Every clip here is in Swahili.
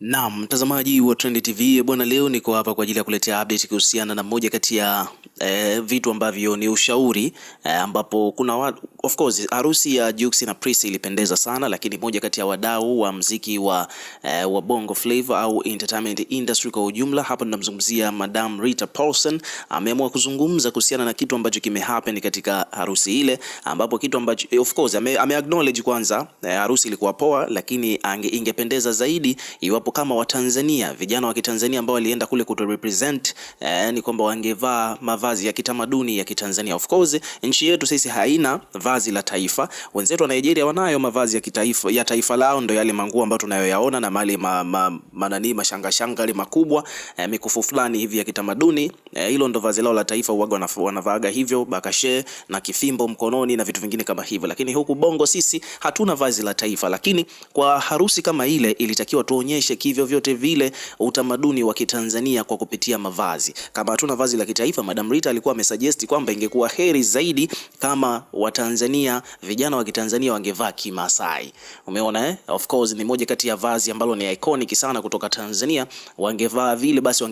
Naam, mtazamaji wa Trend TV bwana, leo niko hapa kwa ajili ya kuletea update kuhusiana na moja kati ya eh, vitu ambavyo ni ushauri eh, ambapo kuna wa, of course harusi ya Jux na Pricy ilipendeza sana, lakini moja kati ya wadau wa mziki wa, eh, wa Bongo Flava au entertainment industry kwa ujumla, hapa tunamzungumzia Madam Rita Paulson, ameamua kuzungumza kuhusiana na kitu ambacho kimehappen katika harusi ile, ambapo kitu ambacho of course ame, ame acknowledge kwanza eh, harusi ilikuwa poa, lakini ange, ingependeza zaidi iwapo kama Watanzania vijana wa Kitanzania ambao walienda kule kuto represent eh, ni kwamba wangevaa mavazi mavazi ya kitamaduni ya Kitanzania. Of course nchi yetu sisi haina vazi la taifa, wenzetu wa Nigeria wanayo mavazi ya kitaifa, ya taifa lao ndio yale manguo ambayo tunayoyaona na mali ma, ma, manani mashanga shanga yale makubwa eh, mikufu fulani hivi ya kitamaduni eh, hilo eh, ndo vazi lao la taifa uwaga wanavaaga hivyo bakashe na kifimbo mkononi na vitu vingine kama hivyo, lakini huku Bongo sisi hatuna vazi la taifa, lakini kwa harusi kama ile ilitakiwa tuonyeshe kivyo vyote vile utamaduni wa Kitanzania kwa kupitia mavazi. Kama hatuna vazi la kitaifa madam Mrita alikuwa amesuggest kwamba ingekuwa heri zaidi kama Watanzania vijana wa Kitanzania wangevaa kimasai. Umeona eh? Of course ni moja kati ya vazi ambalo ni iconic sana kutoka Tanzania. Wangevaa vile basi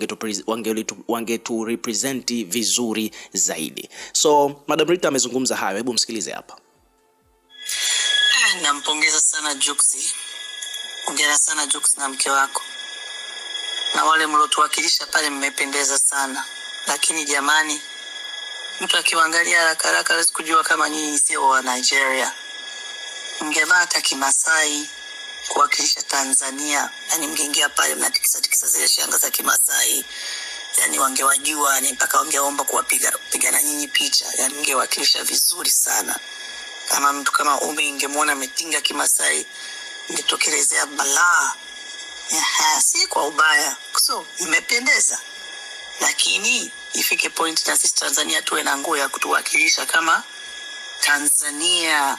wangetu wangetu represent vizuri zaidi. So Madam Rita amezungumza hayo, hebu msikilize hapa. Ah, nampongeza sana Juksi. Ongera sana Juksi na mke wako na wale mlotuwakilisha pale, mmependeza sana lakini jamani, mtu akiwaangalia haraka haraka hawezi kujua kama nyinyi sio wa Nigeria. Mngevaa hata Kimasai kuwakilisha Tanzania, yani mngeingia pale mnatikisa tikisa zile shanga za Kimasai, yani wangewajua, yani mpaka wangeomba kuwapiga piga na nyinyi picha, yani mngewakilisha vizuri sana. Kama mtu kama ume ingemwona ametinga Kimasai, ingetokelezea balaa. Si kwa ubaya, so imependeza lakini ifike point na sisi Tanzania tuwe na nguo ya kutuwakilisha kama Tanzania,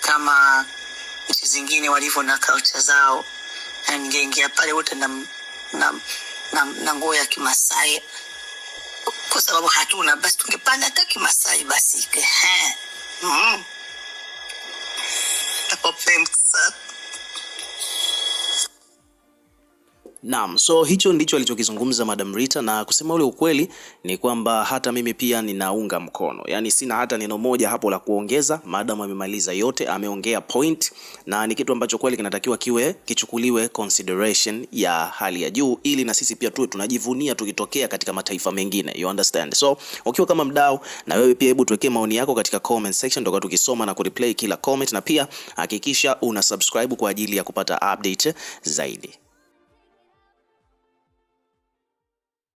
kama nchi zingine walivyo na culture zao, na ningeingia pale wote na, na, na, na nguo ya Kimasai kwa sababu hatuna, basi tungepanda hata Kimasai basi. Ehe, mm thanks no, Naam, so hicho ndicho alichokizungumza Madam Rita, na kusema ule ukweli ni kwamba hata mimi pia ninaunga mkono, yaani sina hata neno moja hapo la kuongeza. Madam amemaliza yote, ameongea point, na ni kitu ambacho kweli kinatakiwa kiwe kichukuliwe consideration ya hali ya juu, ili na sisi pia tuwe tunajivunia tukitokea katika mataifa mengine, you understand. So ukiwa kama mdau, na wewe pia hebu tuwekee maoni yako katika comment section, ndio tukisoma na kureplay kila comment, na pia hakikisha una subscribe kwa ajili ya kupata update zaidi.